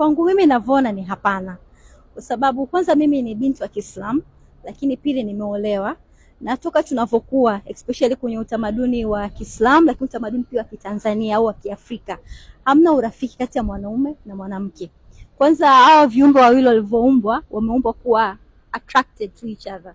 Kwangu mimi navyoona ni hapana, kwa sababu kwanza mimi ni binti wa Kiislamu, lakini pili nimeolewa na toka tunavyokuwa especially kwenye utamaduni wa Kiislamu, lakini utamaduni pia wa Kitanzania au wa Kiafrika, hamna urafiki kati ya mwanaume na mwanamke. Kwanza hao viumbe wawili walivyoumbwa wameumbwa kuwa attracted to each other.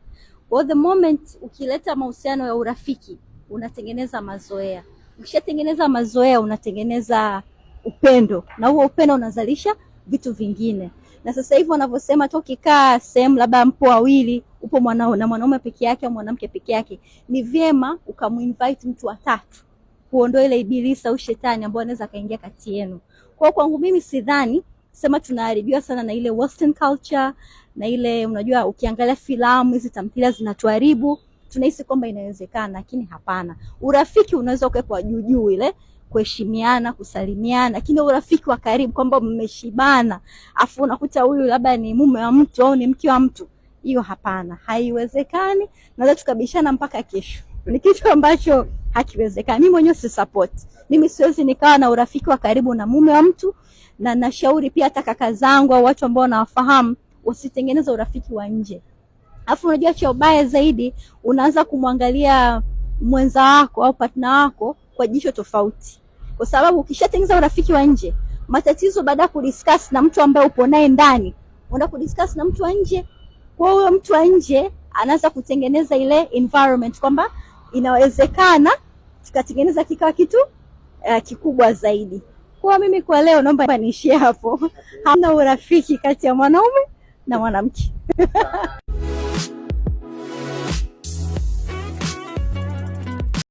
Well, the moment ukileta mahusiano ya urafiki unatengeneza mazoea, ukishatengeneza mazoea unatengeneza upendo, na huo upendo unazalisha vitu vingine. Na sasa hivi wanavyosema tu, ukikaa sehemu labda mpo wawili, upo mwanao na mwanaume peke yake au mwanamke peke yake, ni vyema ukamuinvite mtu wa tatu, kuondoa ile ibilisi au shetani ambaye anaweza akaingia kati yenu. Kwa kwangu mimi sidhani sema tunaharibiwa sana na ile western culture na ile unajua, ukiangalia filamu hizi tamthilia zinatuharibu, tunahisi kwamba inawezekana, lakini hapana. Urafiki unaweza ukawepo juu juu ile kuheshimiana, kusalimiana, lakini urafiki wa karibu kwamba mmeshibana, afu unakuta huyu labda ni mume wa mtu au ni mke wa mtu, hiyo hapana, haiwezekani. Naweza tukabishana mpaka kesho, ni kitu ambacho hakiwezekani. Mimi mwenyewe si support, mimi siwezi nikawa na urafiki wa karibu na mume wa mtu, na nashauri pia hata kaka zangu au watu ambao nawafahamu usitengeneze urafiki wa nje. Alafu unajua cha ubaya zaidi, unaanza kumwangalia mwenza wako au partner wako kwa jicho tofauti, kwa sababu ukishatengeneza urafiki wa nje, matatizo baada ya kudiscuss na mtu ambaye upo naye ndani, unaenda kudiscuss na mtu wa nje. Kwa hiyo mtu wa nje anaanza kutengeneza ile environment kwamba inawezekana tukatengeneza kikawa kitu uh, kikubwa zaidi. Kwa mimi kwa leo naomba niishie hapo. Hamna urafiki kati ya mwanaume na mwanamke.